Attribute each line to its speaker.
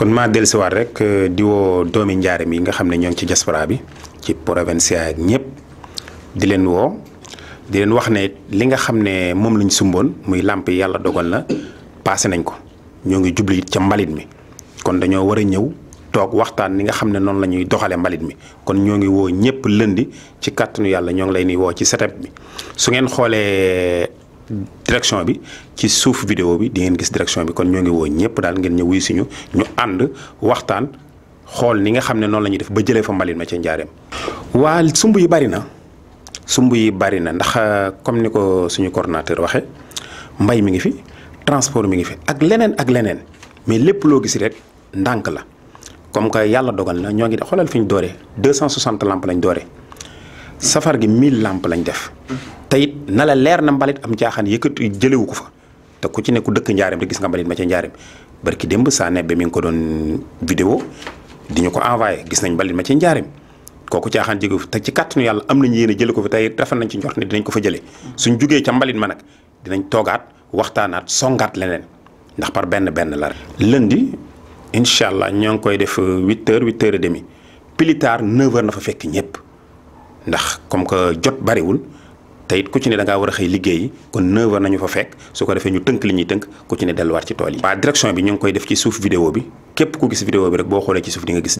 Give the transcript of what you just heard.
Speaker 1: kon maa dellusiwaat rek euh, diwoo doomi njaareem yi nga xam ne ñoo ngi ci diaspora bi ci province ak ñëpp di leen woo di leen wax ne li nga xam ne moom lañ sumboon muy làmp yi yàlla dogal na passé nañ ko ñoo ngi jublu it ca mbalit mi kon dañoo war a ñëw toog waxtaan li nga xam ne noonu la ñuy doxalee mbalit mi kon ñoo ngi woo ñëpp lëndi ci kàttanu yàlla ñoo ngi lay ni woo ci setep bi su ngeen xoolee direction bi ci suuf vidéo bi di ngeen gis direction bi kon ñoo ngi woo ñëpp daal ngeen ñëw wuyu suñu ñu ànd waxtaan xool ni nga xam ne noonu la ñuy def ba jëlee fa mbalit ma ca njaareem. waa sumb yi bari na sumb yi bari na ndax comme ni ko suñu ordinateur waxee mbay mi ngi fi transport mi ngi fi ak leneen ak leneen mais lépp loo gis rek ndànk la comme que yàlla dogal na ñoo ngi xoolal fi ñu dooree 260 lampes lañ doore safar gi mille làmp lañ def. te it na la leer na mbalit am caaxaan yëkkati jëlewu ko fa te ku ci ne ku dëkk njaarim rek gis nga mbalit ma ca njaareem barki démb saa nebbe mi ngi ko doon vidéo di ko envoyé gis nañ mbalit ma ca njaareem kooku caaxaan jóge fa te ci kàttanu yàlla am nañ yéen a jële ko fa tey rafet nañ ci njort ne dinañ ko fa jëlee suñ jugee ca mbalit ma nag dinañ toogaat waxtaanaat songaat leneen ndax par benn benn la lundi incha allah ñoo ngi koy def 8 heures 8 heures et demi plus tard 9 na fa fekk ñëpp ndax comme que jot bariwul te it ku ci ne da war a xëy liggéeyi kon 9 nañu fa fekk su ko defee ñu tënk li ñuy tënk ku ci ne delluwaat ci tool yi. waa direction bi ñu ngi koy def ci suuf vidéo bi képp ku gis vidéo bi rek boo xoolee ci suuf di gis.